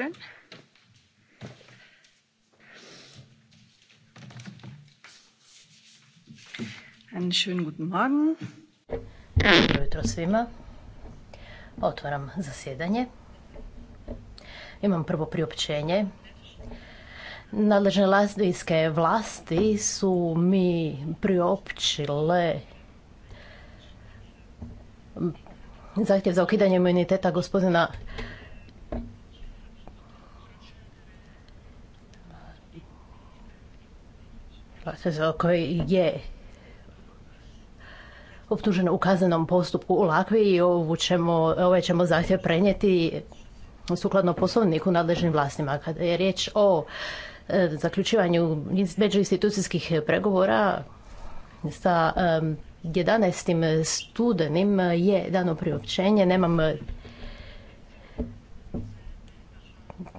Suzdržan? Einen schönen guten Morgen. Dobro jutro svima. Otvaram zasjedanje. Imam prvo priopćenje. Nadležne lastvijske vlasti su mi priopćile zahtjev za ukidanje imuniteta gospodina koji je optužen u kaznenom postupku u Lakvi i ovaj ćemo zahtjev prenijeti sukladno poslovniku nadležnim vlastima. Kada je riječ o e, zaključivanju međuinstitucijskih pregovora sa 11. E, studenim je dano priopćenje, nemam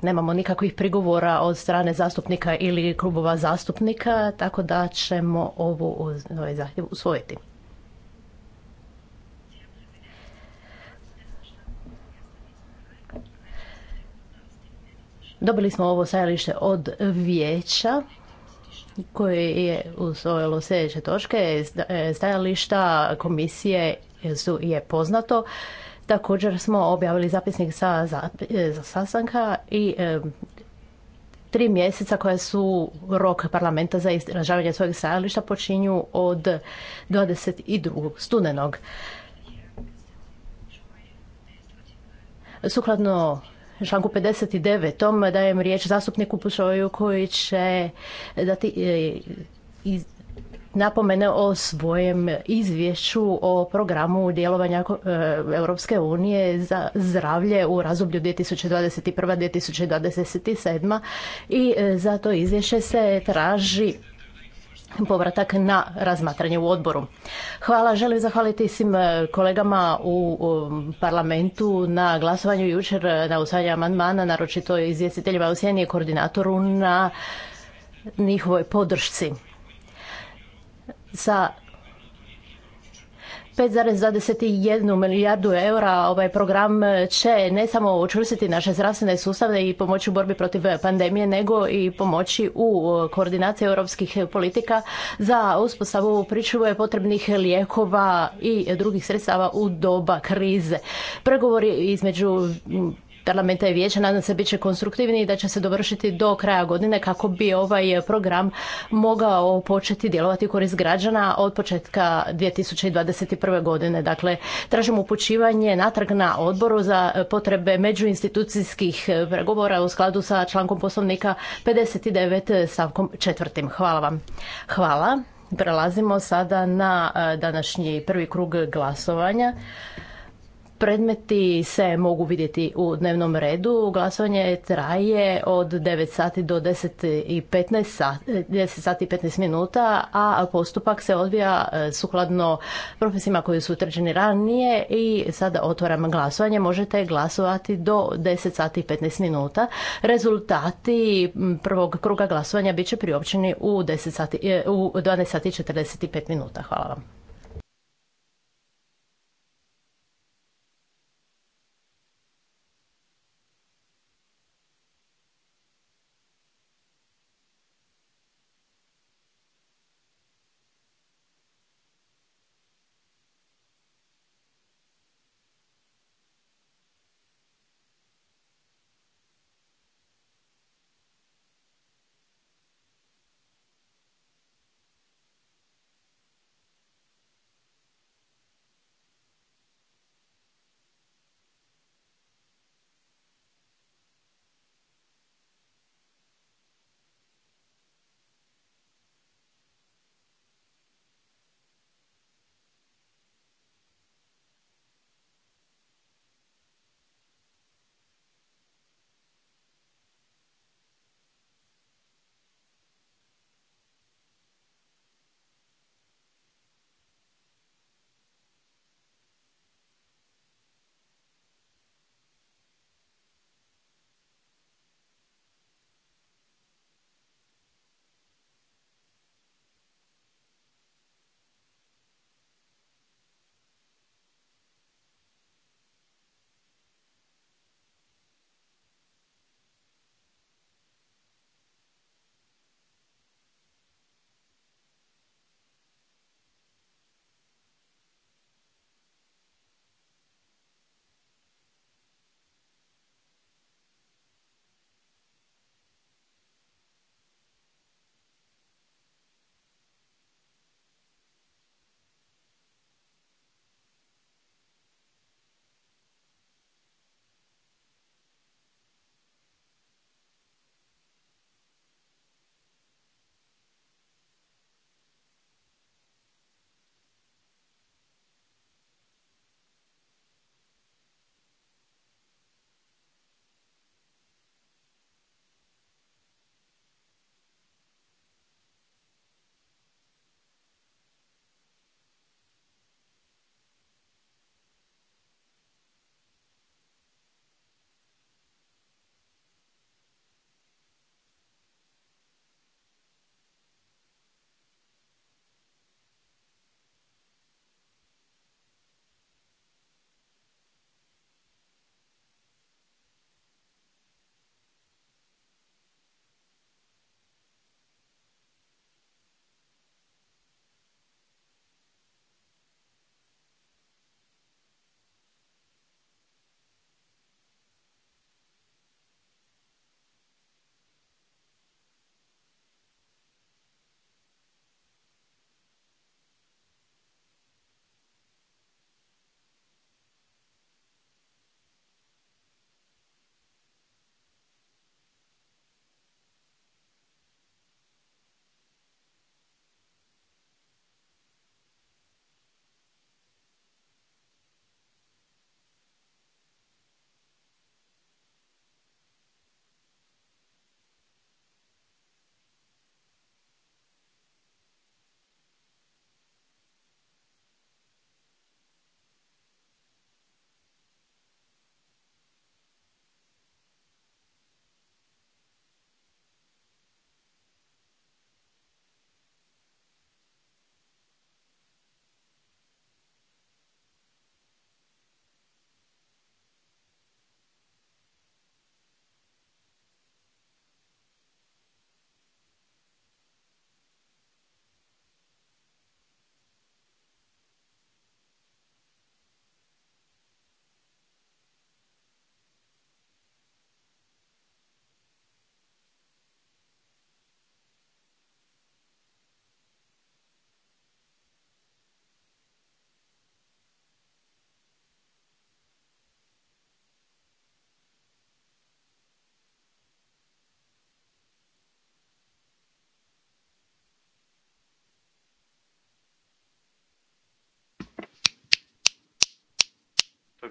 nemamo nikakvih prigovora od strane zastupnika ili klubova zastupnika, tako da ćemo ovu, ovaj zahtjev usvojiti. Dobili smo ovo stajalište od vijeća koje je usvojilo sljedeće točke. Stajališta komisije su, je poznato. Također smo objavili zapisnik sa, e, za, sastanka i e, tri mjeseca koja su rok parlamenta za izražavanje svojeg stajališta počinju od 22. studenog. Sukladno članku 59. dajem riječ zastupniku Pušoju koji će dati e, iz, napomene o svojem izvješću o programu djelovanja e, Europske unije za zdravlje u razdoblju 2021-2027 i e, za to izvješće se traži povratak na razmatranje u odboru. Hvala, želim zahvaliti svim e, kolegama u parlamentu na glasovanju jučer na usvajanje amandmana, naročito izvjestiteljima u sjeni i koordinatoru na njihovoj podršci sa 5,21 milijardu eura ovaj program će ne samo učvrstiti naše zdravstvene sustave i pomoći u borbi protiv pandemije, nego i pomoći u koordinaciji europskih politika za uspostavu pričuve potrebnih lijekova i drugih sredstava u doba krize. Pregovori između parlamenta i vijeća nadam se bit će konstruktivni i da će se dovršiti do kraja godine kako bi ovaj program mogao početi djelovati u korist građana od početka 2021. godine. Dakle, tražimo upućivanje natrag na odboru za potrebe međuinstitucijskih pregovora u skladu sa člankom poslovnika 59 stavkom četvrtim. Hvala vam. Hvala. Prelazimo sada na eh, današnji prvi krug glasovanja. Predmeti se mogu vidjeti u dnevnom redu. Glasovanje traje od 9 sati do 10 i 15 sati, 10 sati i 15 minuta, a postupak se odvija e, sukladno propisima koji su utrđeni ranije i sada otvaram glasovanje. Možete glasovati do 10 sati i 15 minuta. Rezultati prvog kruga glasovanja bit će priopćeni u 10 sati, e, u 12 sati i 45 minuta. Hvala vam.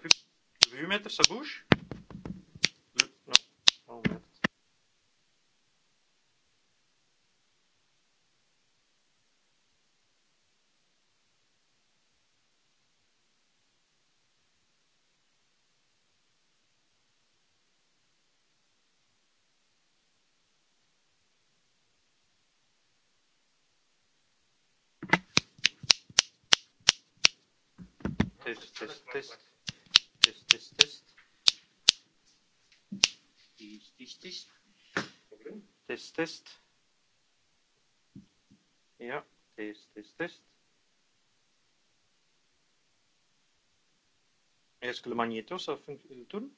vu, vu mettre sa bouche Test, test, test test, test, test. Tiš, tiš, tiš. Dobro. Test, test. Ja, test, test, test. Jeg skulle magneto, så fungerer øh, le,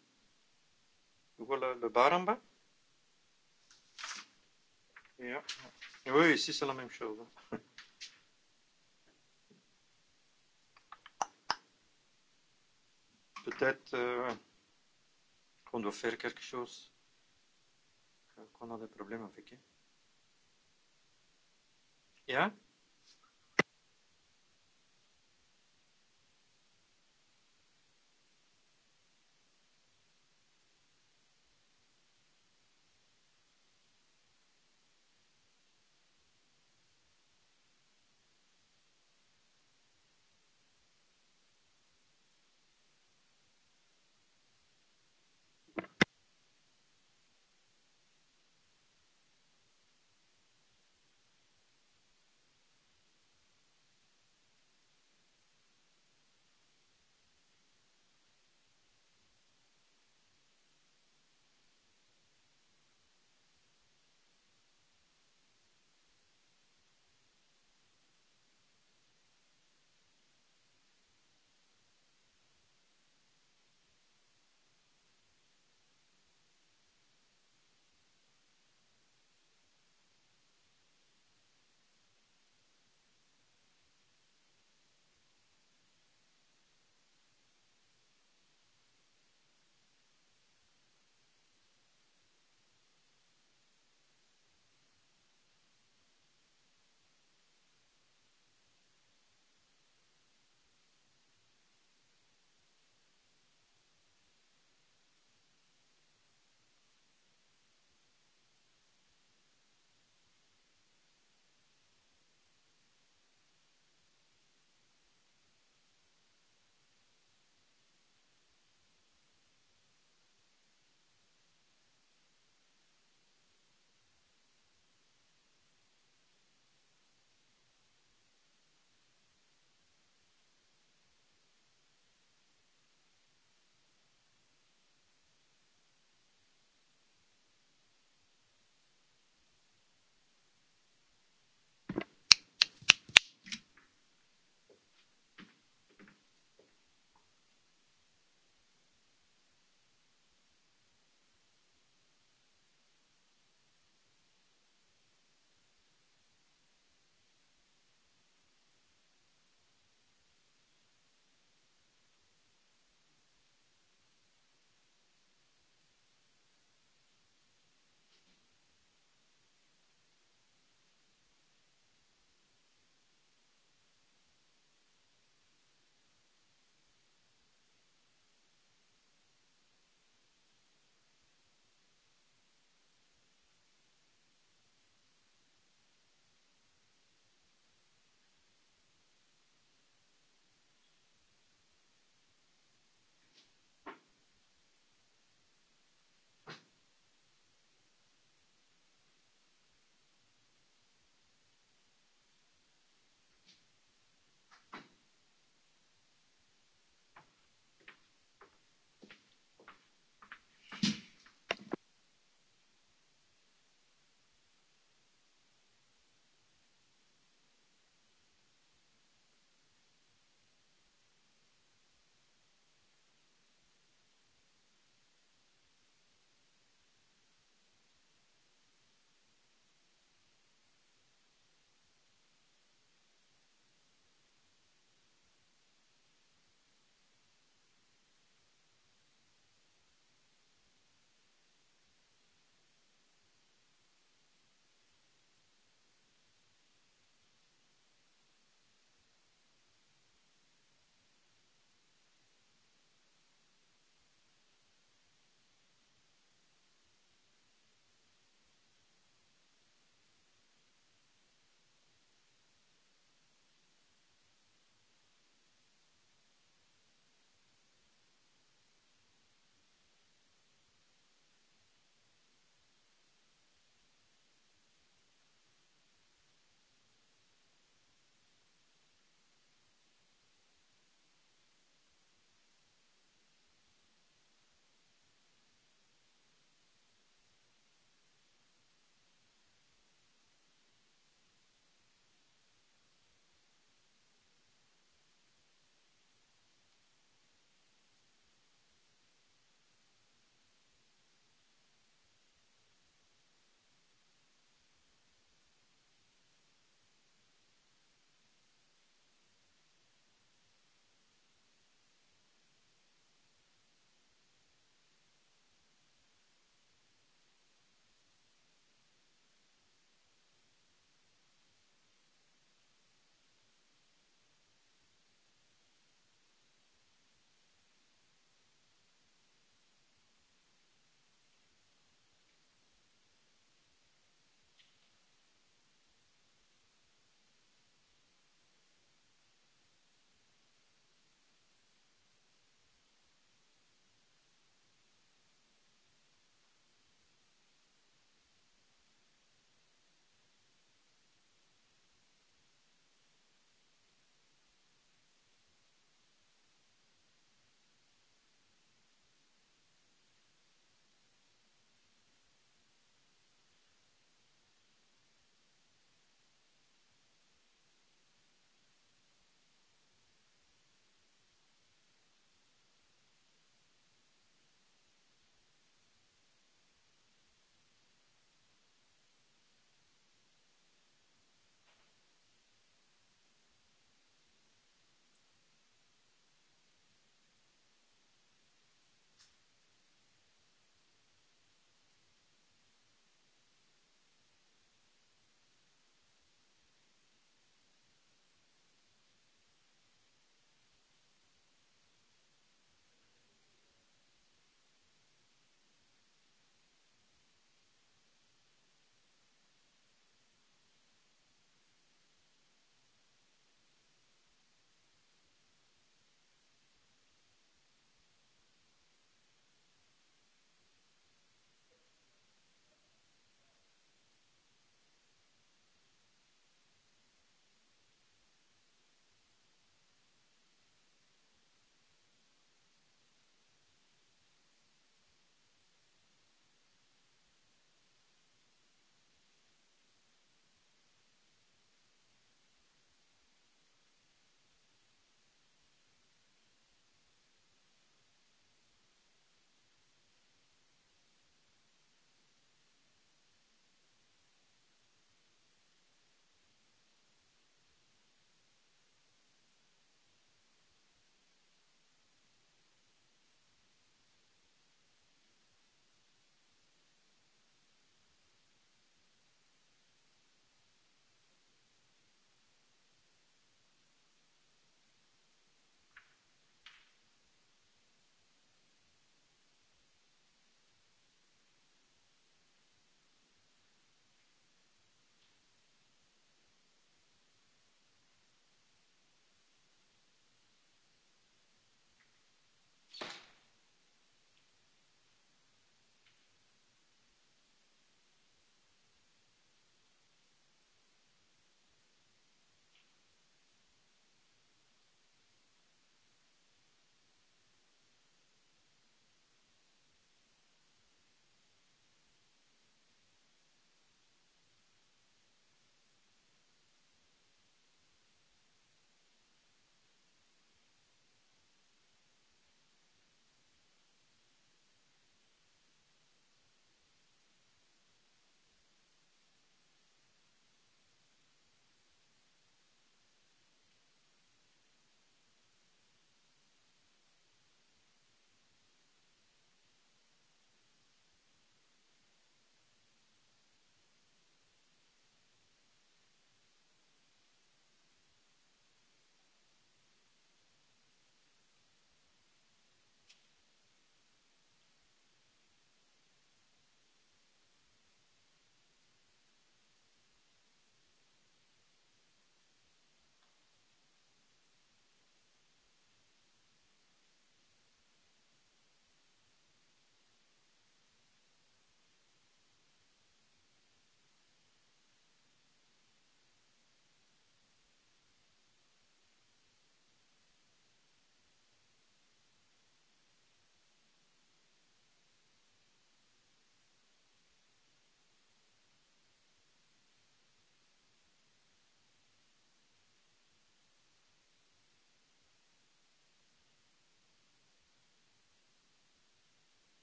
Luego baramba. Ja. Oui, ici c'est la même chose. Peut-être euh, qu'on doit faire quelque chose, qu'on a des problèmes avec eux. Yeah?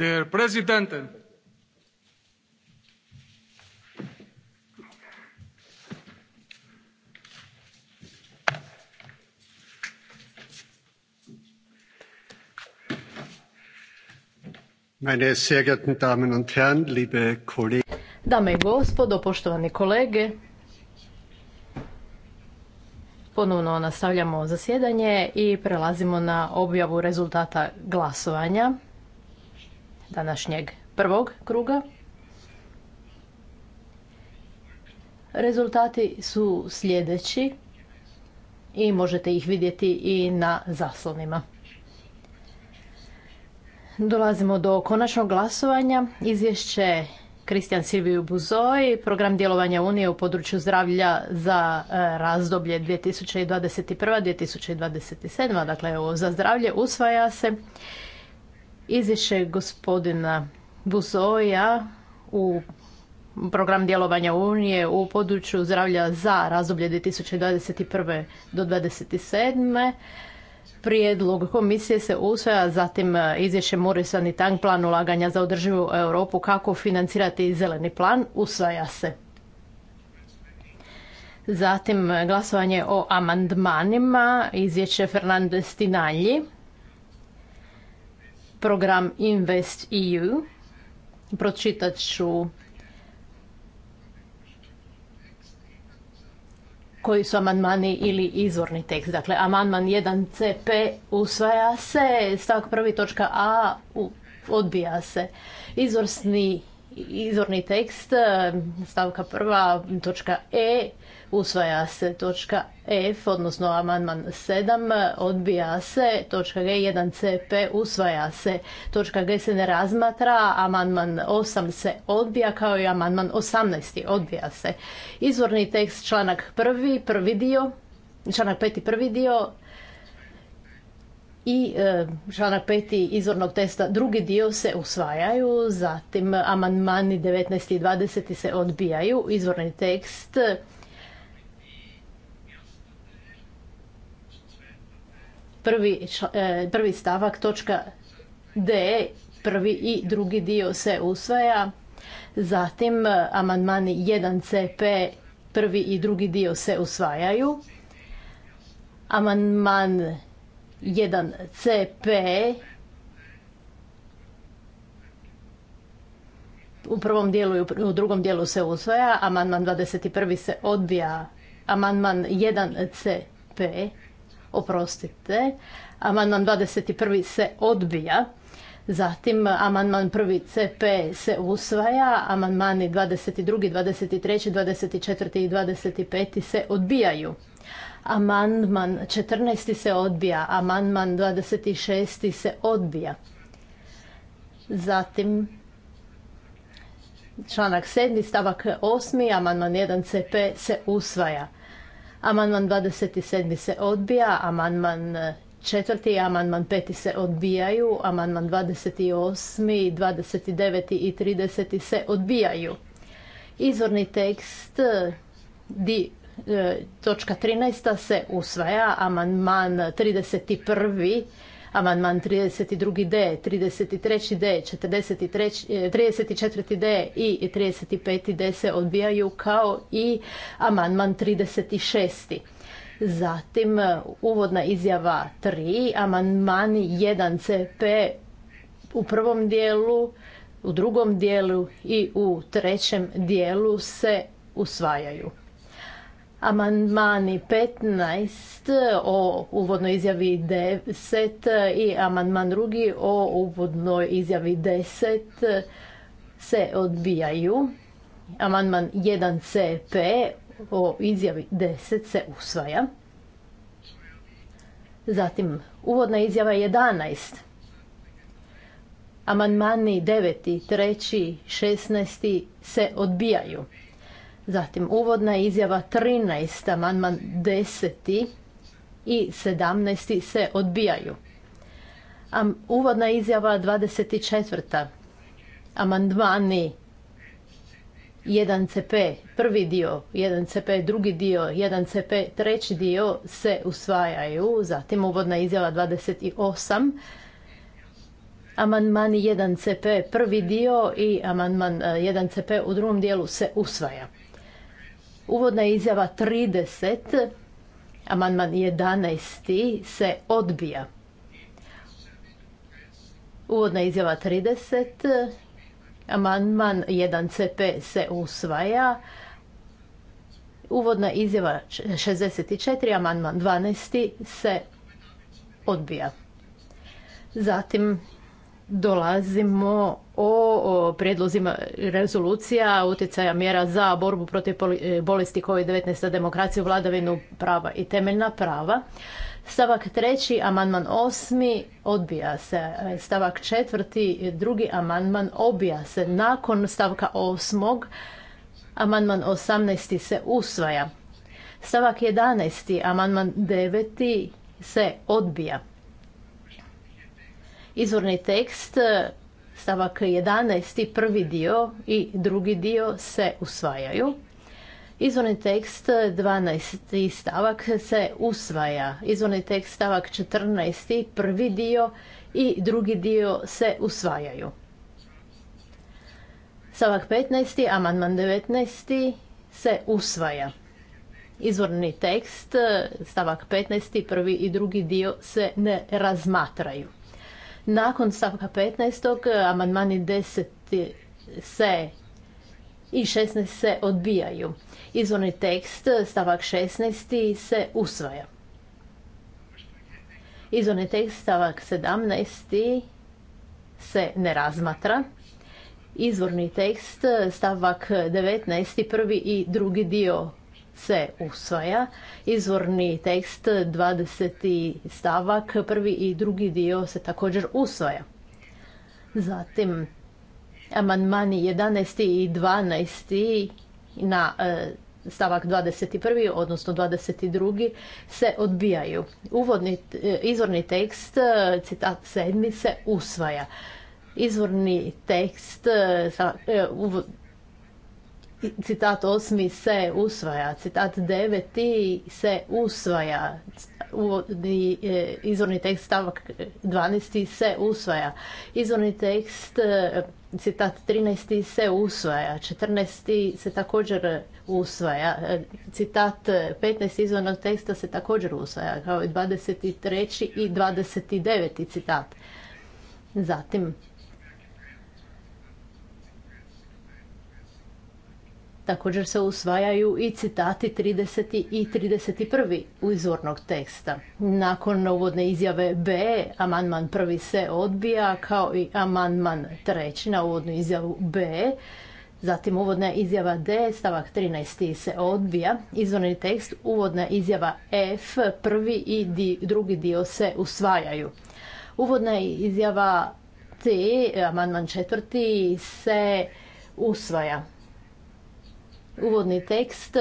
der meine sehr geehrten damen und herren liebe kollegen! dame i gospodo poštovani kolege ponovno nastavljamo zasjedanje i prelazimo na objavu rezultata glasovanja današnjeg prvog kruga. Rezultati su sljedeći i možete ih vidjeti i na zaslonima. Dolazimo do konačnog glasovanja. Izvješće Kristijan Silviju Buzoj, program djelovanja Unije u području zdravlja za e, razdoblje 2021-2027, dakle za zdravlje, usvaja se izvješće gospodina Buzoja u program djelovanja Unije u području zdravlja za razdoblje 2021. do 2027. Prijedlog komisije se usvaja, zatim izvješće Morrison i Tang plan ulaganja za održivu Europu kako financirati zeleni plan usvaja se. Zatim glasovanje o amandmanima, izvješće Fernandez Tinalji program Invest EU. Pročitat ću koji su amandmani ili izvorni tekst. Dakle, amandman 1 CP usvaja se, stavak prvi točka A odbija se. Izvorsni, izvorni tekst, stavka prva točka E usvaja se točka F, odnosno amandman 7, odbija se, točka G1CP usvaja se, točka G se ne razmatra, amandman 8 se odbija, kao i amandman 18 odbija se. Izvorni tekst članak prvi, prvi dio, članak 5 prvi dio, i e, članak 5. izvornog testa drugi dio se usvajaju, zatim amandmani 19. i 20. se odbijaju, izvorni tekst prvi, e, prvi stavak točka D, prvi i drugi dio se usvaja. Zatim e, amandmani 1 CP, prvi i drugi dio se usvajaju. Amandman 1 CP u prvom dijelu i u drugom dijelu se usvaja. Amandman 21 se odbija. Amandman 1 CP oprostite. Amandman 21. se odbija. Zatim amandman 1. CP se usvaja, amandmani 22., 23., 24. i 25. se odbijaju. Amandman 14. se odbija, amandman 26. se odbija. Zatim članak 7. stavak 8. amandman 1. CP se usvaja. Amandman 27. se odbija, amandman e, i amandman 5. se odbijaju, amandman 28., 29. i 30. se odbijaju. Izvorni tekst e, di e, točka 13. se usvaja, amandman 31 amandman 32D, 33D, 34D i 35D se odbijaju kao i amandman 36. Zatim e, uvodna izjava 3, amandman 1CP u prvom dijelu, u drugom dijelu i u trećem dijelu se usvajaju. Amandmani 15 o uvodnoj izjavi 10 i amandman drugi o uvodnoj izjavi 10 se odbijaju. Amandman 1CP o izjavi 10 se usvaja. Zatim uvodna izjava 11. Amandmani 9, 3, 16 se odbijaju. Zatim uvodna izjava 13, amandman 10 i 17 se odbijaju. A uvodna izjava 24. Amandmani 1CP prvi dio, 1CP drugi dio, 1CP treći dio se usvajaju. Zatim uvodna izjava 28. Amandmani 1CP prvi dio i amandman 1CP e, u drugom dijelu se usvaja. Uvodna izjava 30, amandman 11. se odbija. Uvodna izjava 30, amandman 1CP se usvaja. Uvodna izjava 64, amandman 12. se odbija. Zatim dolazimo o prijedlozima rezolucija utjecaja mjera za borbu protiv e, bolesti COVID-19 demokraciju, vladavinu prava i temeljna prava. Stavak treći, amandman osmi, odbija se. E, stavak četvrti, drugi amandman obija se. Nakon stavka osmog, amandman osamnaesti se usvaja. Stavak jedanaesti, amandman deveti se odbija. Izvorni tekst e, stavak 11. prvi dio i drugi dio se usvajaju. Izvorni tekst 12. stavak se usvaja. Izvorni tekst stavak 14. prvi dio i drugi dio se usvajaju. Stavak 15. amandman 19. se usvaja. Izvorni tekst stavak 15. prvi i drugi dio se ne razmatraju. Nakon stavka 15. Eh, amandmani 10. se i 16. se odbijaju. Izvorni tekst eh, stavak 16. se usvaja. Izvorni tekst stavak 17. se ne razmatra. Izvorni tekst eh, stavak 19. prvi i drugi dio se usvaja. Izvorni tekst 20. stavak, prvi i drugi dio se također usvaja. Zatim, amandmani 11. i 12. na e, stavak 21. odnosno 22. se odbijaju. Uvodni, e, izvorni tekst, e, citat 7. se usvaja. Izvorni tekst, citat osmi se usvaja, citat deveti se usvaja, uvodni e, izvorni tekst stavak 12. se usvaja, izvorni tekst e, citat 13. se usvaja, 14. se također usvaja, e, citat 15. izvornog teksta se također usvaja, kao i 23. i 29. citat. Zatim, Također se usvajaju i citati 30. i 31. u izvornog teksta. Nakon uvodne izjave B, amandman prvi se odbija, kao i amandman treći na uvodnu izjavu B. Zatim uvodna izjava D, stavak 13. se odbija. Izvorni tekst, uvodna izjava F, prvi i drugi dio se usvajaju. Uvodna izjava C, amandman četvrti, se usvaja uvodni tekst,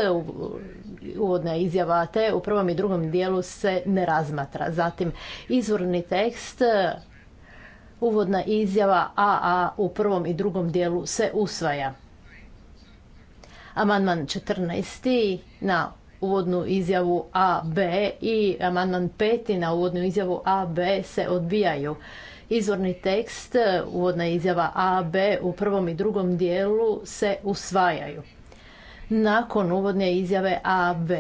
uvodna izjava te u prvom i drugom dijelu se ne razmatra. Zatim izvorni tekst, uvodna izjava AA u prvom i drugom dijelu se usvaja. Amandman 14. na uvodnu izjavu AB i amandman 5. na uvodnu izjavu AB se odbijaju. Izvorni tekst, uvodna izjava AB u prvom i drugom dijelu se usvajaju. Nakon uvodne izjave A, B,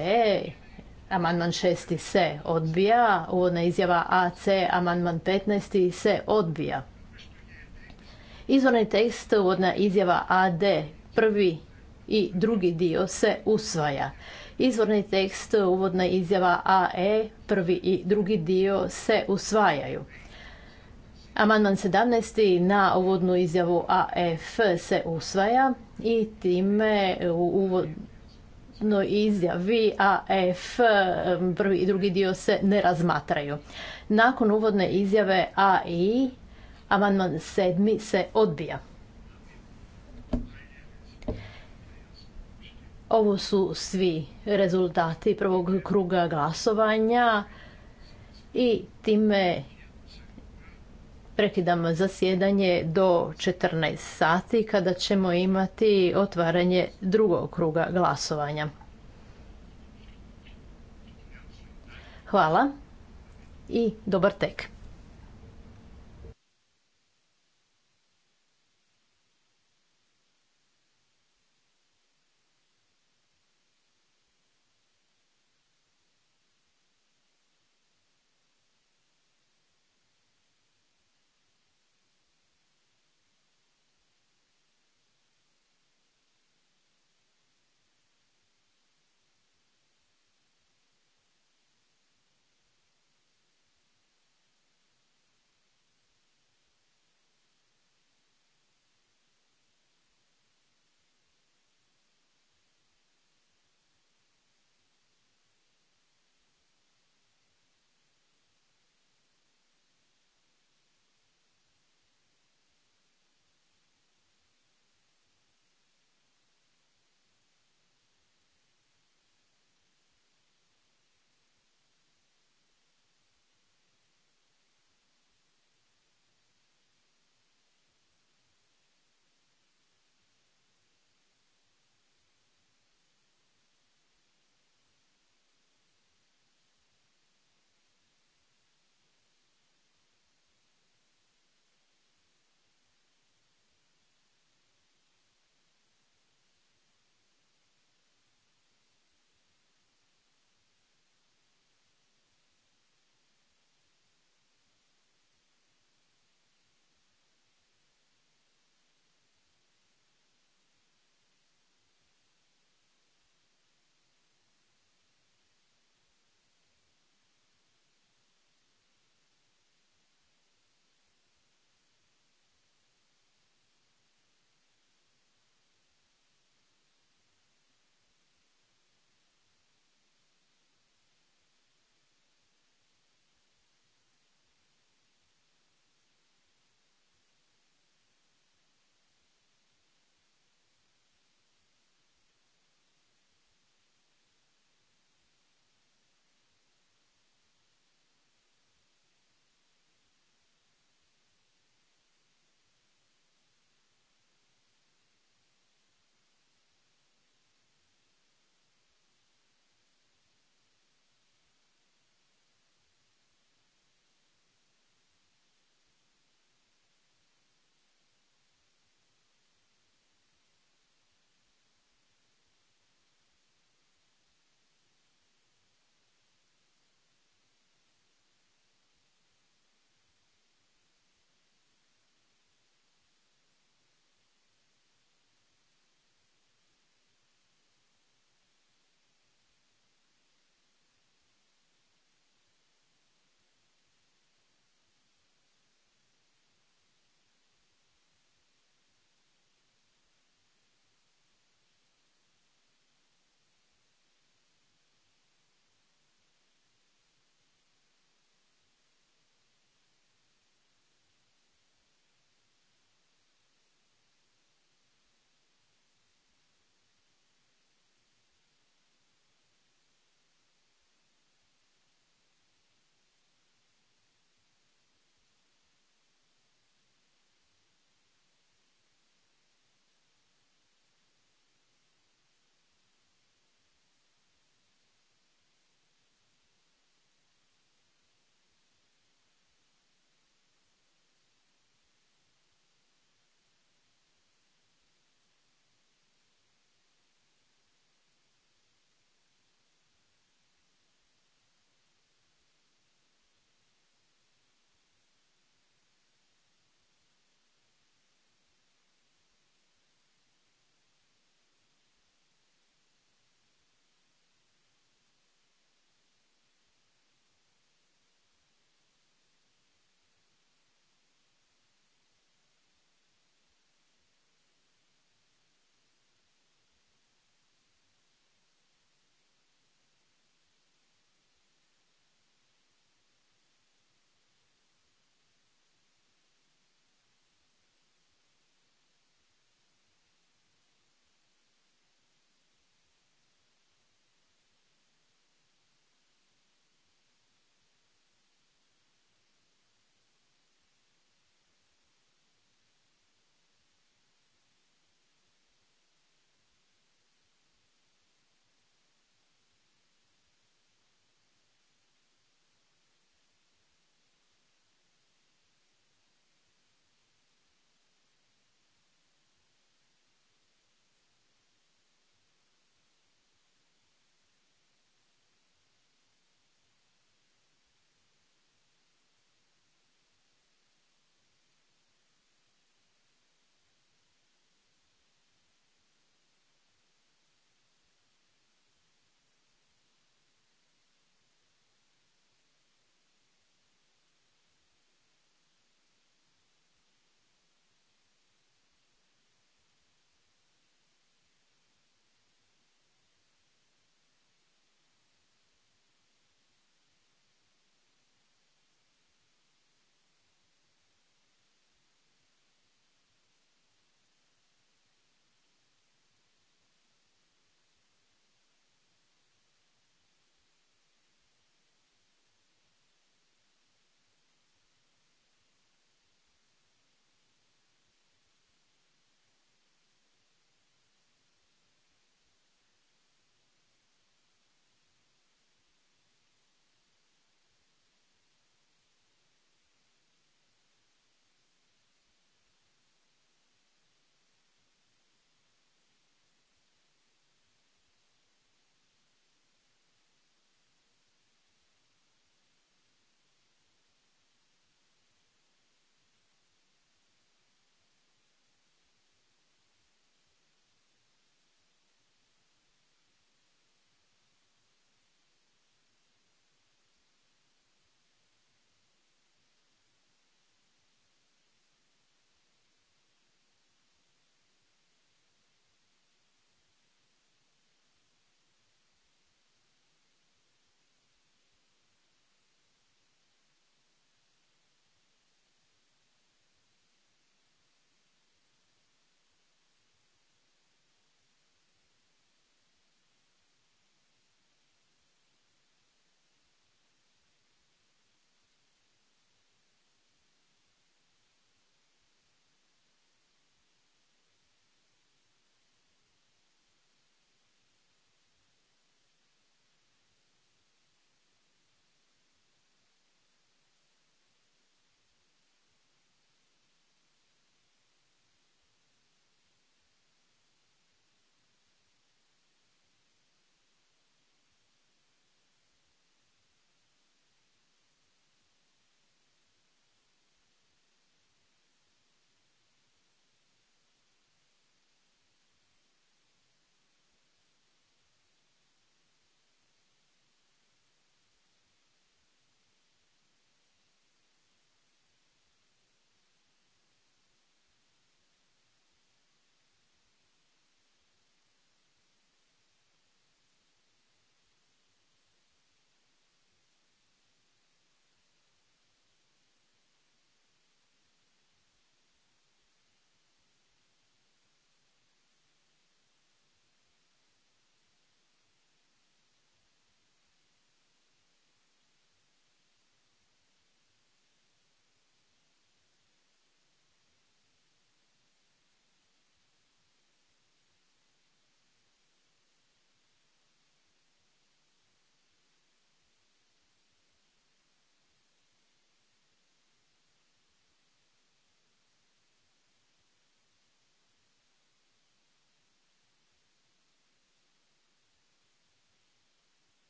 amandman šesti se odbija, uvodna izjava A, C, amandman 15. se odbija. Izvorni tekst, uvodna izjava A, D, prvi i drugi dio se usvaja. Izvorni tekst, uvodna izjava A, E, prvi i drugi dio se usvajaju. Amandman 17. na uvodnu izjavu AF se usvaja i time u uvodnoj izjavi AF prvi i drugi dio se ne razmatraju. Nakon uvodne izjave AI amandman 7. se odbija. Ovo su svi rezultati prvog kruga glasovanja i time prekidam zasjedanje do 14 sati kada ćemo imati otvaranje drugog kruga glasovanja. Hvala i dobar tek.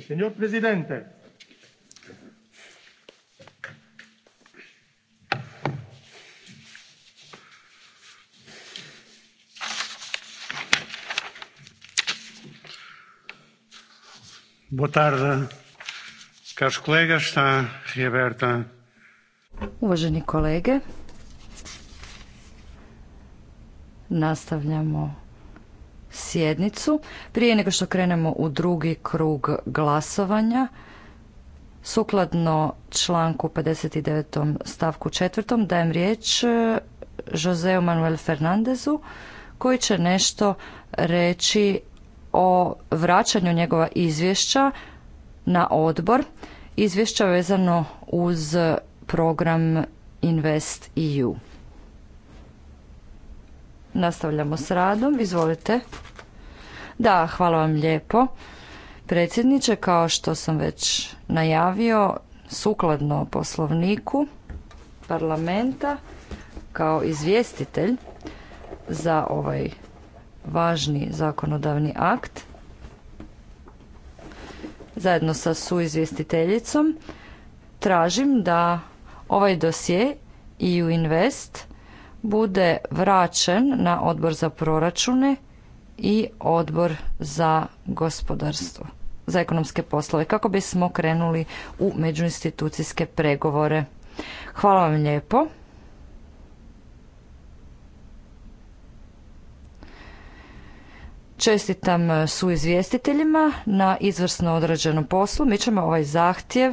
Signor Presidente, Boa tarde, caros colegas. Está reaberta. Uvaženi kolege, nastavljamo sjednicu. Prije nego što krenemo u drugi krug glasovanja, sukladno članku 59. stavku 4. dajem riječ e, Joseu Manuel Fernandezu koji će nešto reći o vraćanju njegova izvješća na odbor, izvješća vezano uz program Invest EU. Nastavljamo s radom. Izvolite. Da, hvala vam lijepo. Predsjedniče, kao što sam već najavio, sukladno poslovniku parlamenta, kao izvjestitelj za ovaj važni zakonodavni akt, zajedno sa suizvjestiteljicom, tražim da ovaj dosje EU Invest bude vraćen na odbor za proračune i odbor za gospodarstvo, za ekonomske poslove, kako bismo krenuli u međuinstitucijske pregovore. Hvala vam lijepo. Čestitam su izvjestiteljima na izvrsno odrađenom poslu. Mi ćemo ovaj zahtjev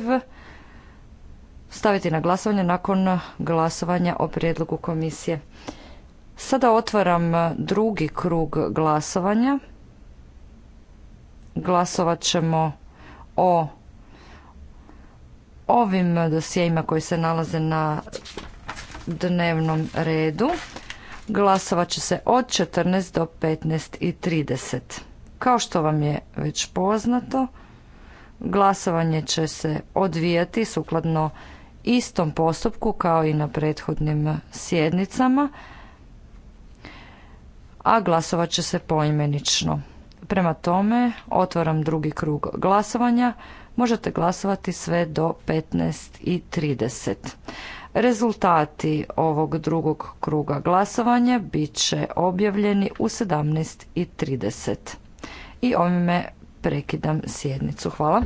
staviti na glasovanje nakon glasovanja o prijedlogu komisije. Sada otvaram e, drugi krug glasovanja. Glasovat ćemo o ovim dosjejima koji se nalaze na dnevnom redu. Glasovat će se od 14 do 15 i 30. Kao što vam je već poznato, glasovanje će se odvijati sukladno istom postupku kao i na prethodnim sjednicama a glasovat će se poimenično. Prema tome, otvaram drugi krug glasovanja. Možete glasovati sve do 15.30. Rezultati ovog drugog kruga glasovanja bit će objavljeni u 17.30. I ovime prekidam sjednicu. Hvala.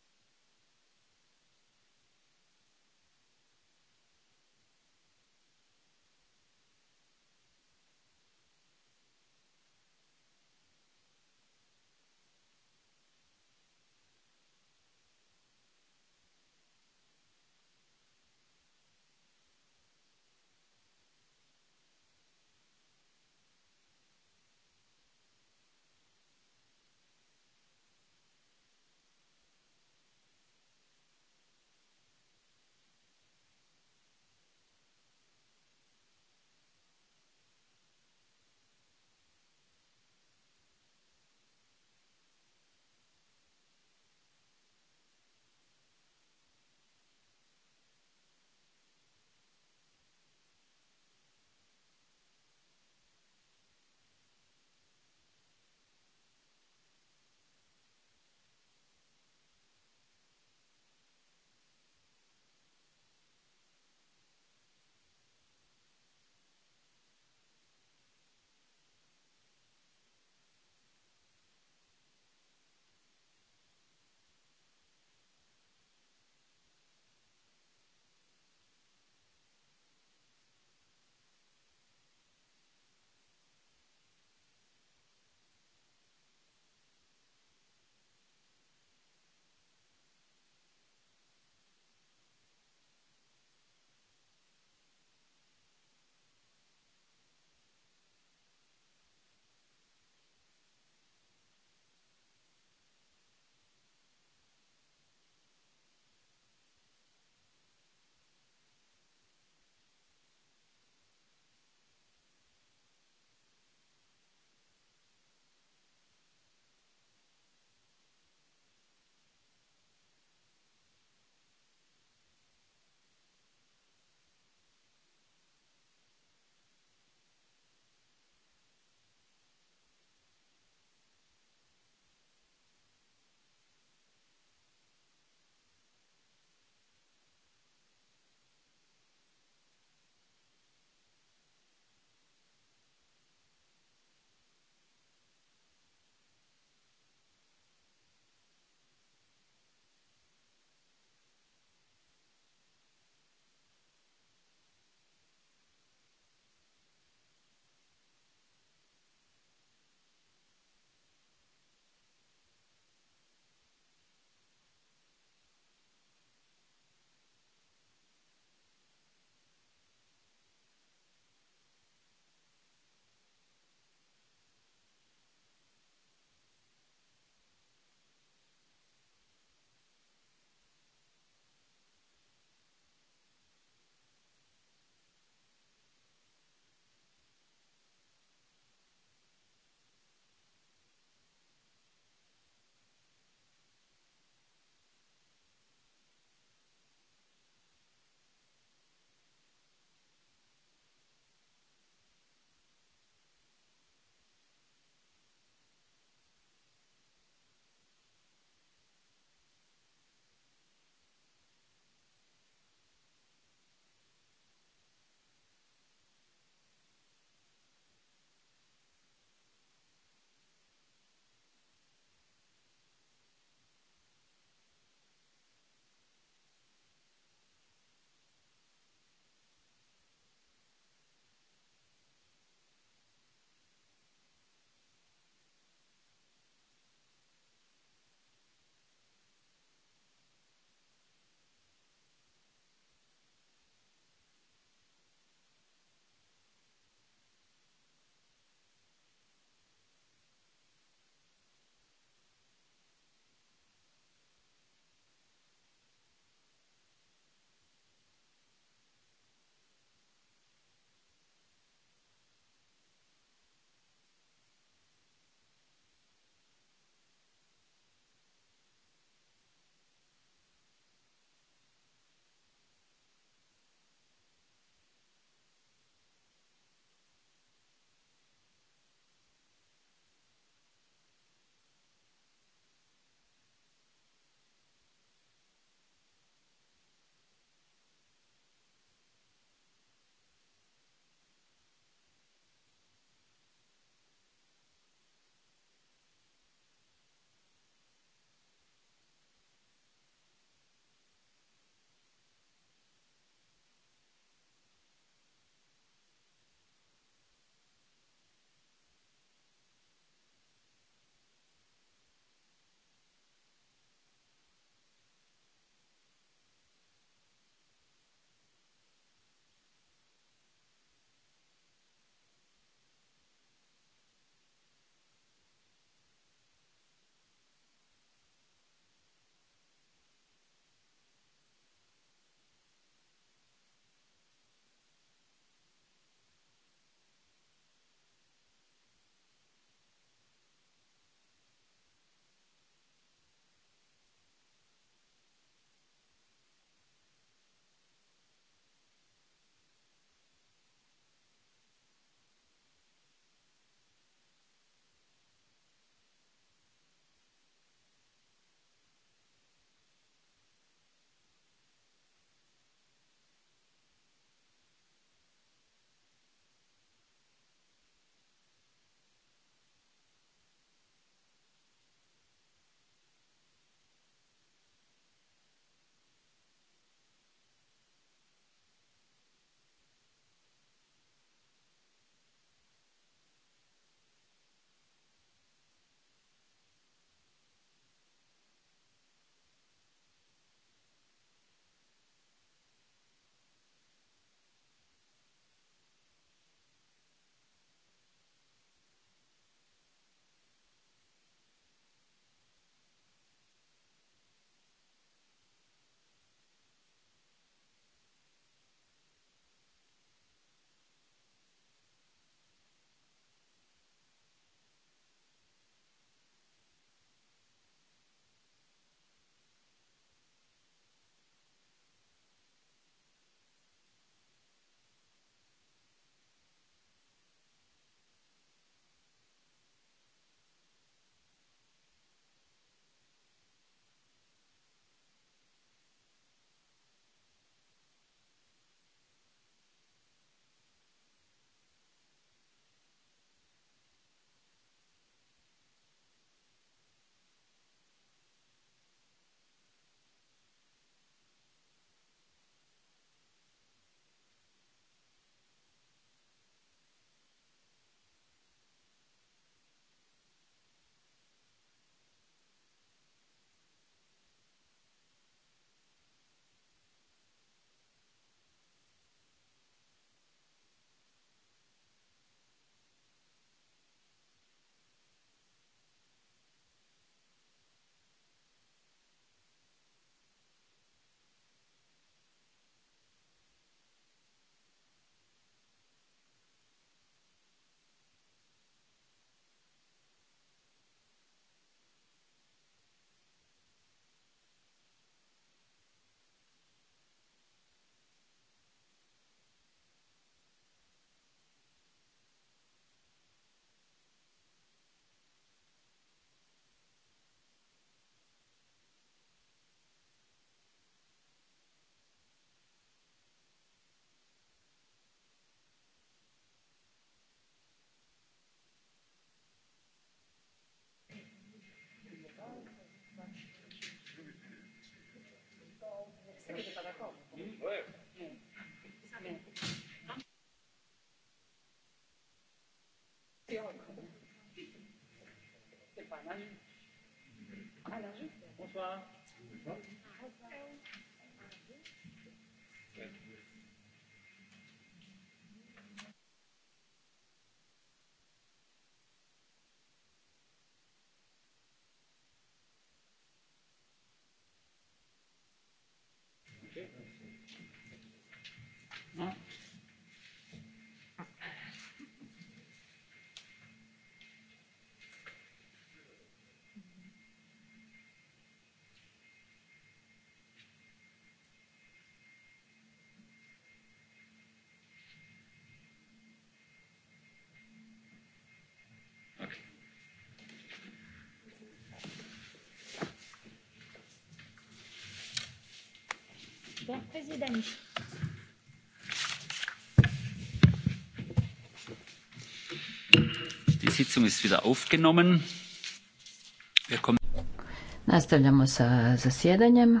Nastavljamo sa zasjedanjem.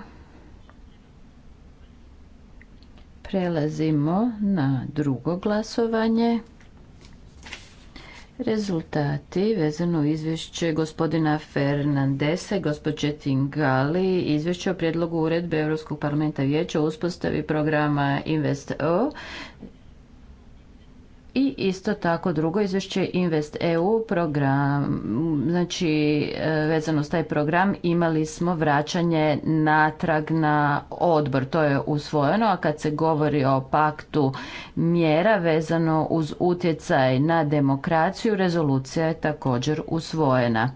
Prelazimo na drugo glasovanje. Rezultati vezano u izvješće gospodina Fernandese, gospođe Tingali, izvješće o prijedlogu uredbe Europskog parlamenta vijeća o uspostavi programa InvestEU i isto tako drugo izvješće Invest EU program, znači e, vezano s taj program imali smo vraćanje natrag na odbor, to je usvojeno, a kad se govori o paktu mjera vezano uz utjecaj na demokraciju, rezolucija je također usvojena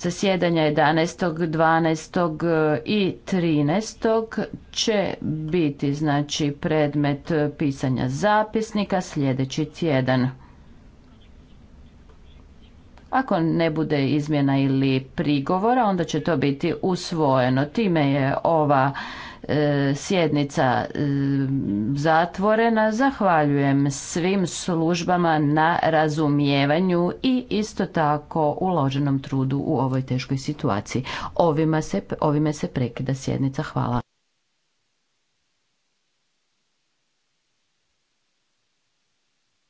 zasjedanja 11. 12. E, i 13. će biti znači predmet pisanja zapisnika sljedeći tjedan. Ako ne bude izmjena ili prigovora, onda će to biti usvojeno. Time je ova E, sjednica e, zatvorena. Zahvaljujem svim službama na razumijevanju i isto tako uloženom trudu u ovoj teškoj situaciji. Ovime se, ovime se prekida sjednica. Hvala.